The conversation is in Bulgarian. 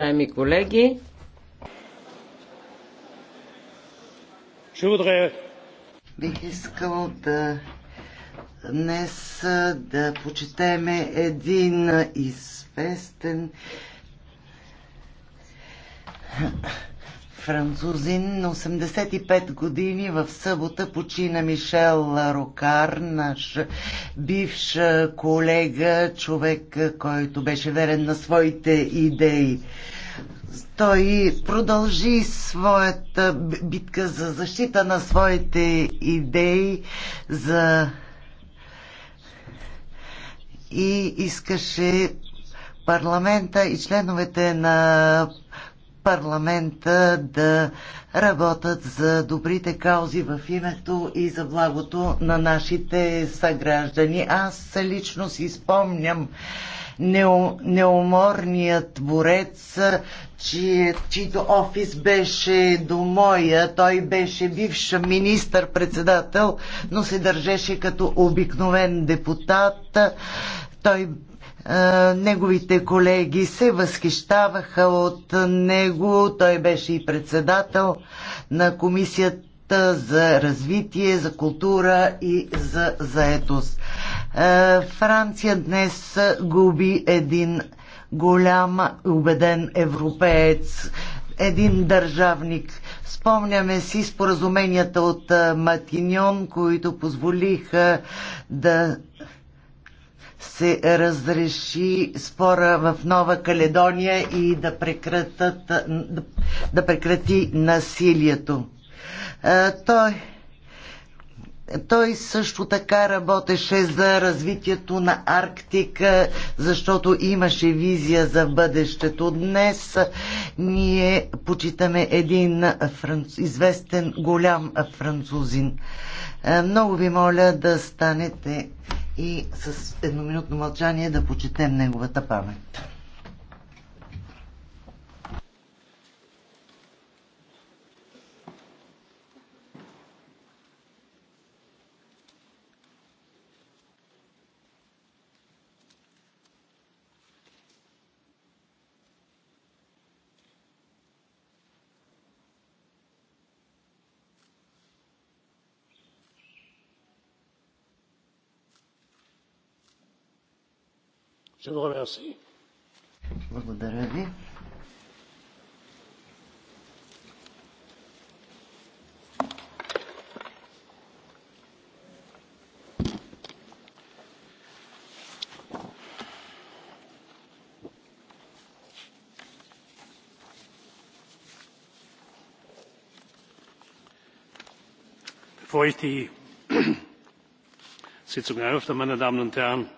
Уважаеми колеги, бих искал да днес да почетеме един известен французин. На 85 години в събота почина Мишел Рокар, наш бивш колега, човек, който беше верен на своите идеи. Той продължи своята битка за защита на своите идеи, за и искаше парламента и членовете на парламента да работят за добрите каузи в името и за благото на нашите съграждани. Аз лично си спомням неуморният борец, чи, чийто офис беше до моя. Той беше бивш министър-председател, но се държеше като обикновен депутат. Той е, неговите колеги се възхищаваха от него. Той беше и председател на комисията за развитие, за култура и за заетост. Е, Франция днес губи един голям убеден европеец, един държавник. Спомняме си споразуменията от е, Матиньон, които позволиха да се разреши спора в Нова Каледония и да, прекратат, да прекрати насилието. Той той също така работеше за развитието на Арктика, защото имаше визия за бъдещето. Днес ние почитаме един франц... известен голям французин. Много ви моля да станете и с едноминутно мълчание да почетем неговата памет. Благодаря ви. bevor ich die sitzung eröffne meine damen und herren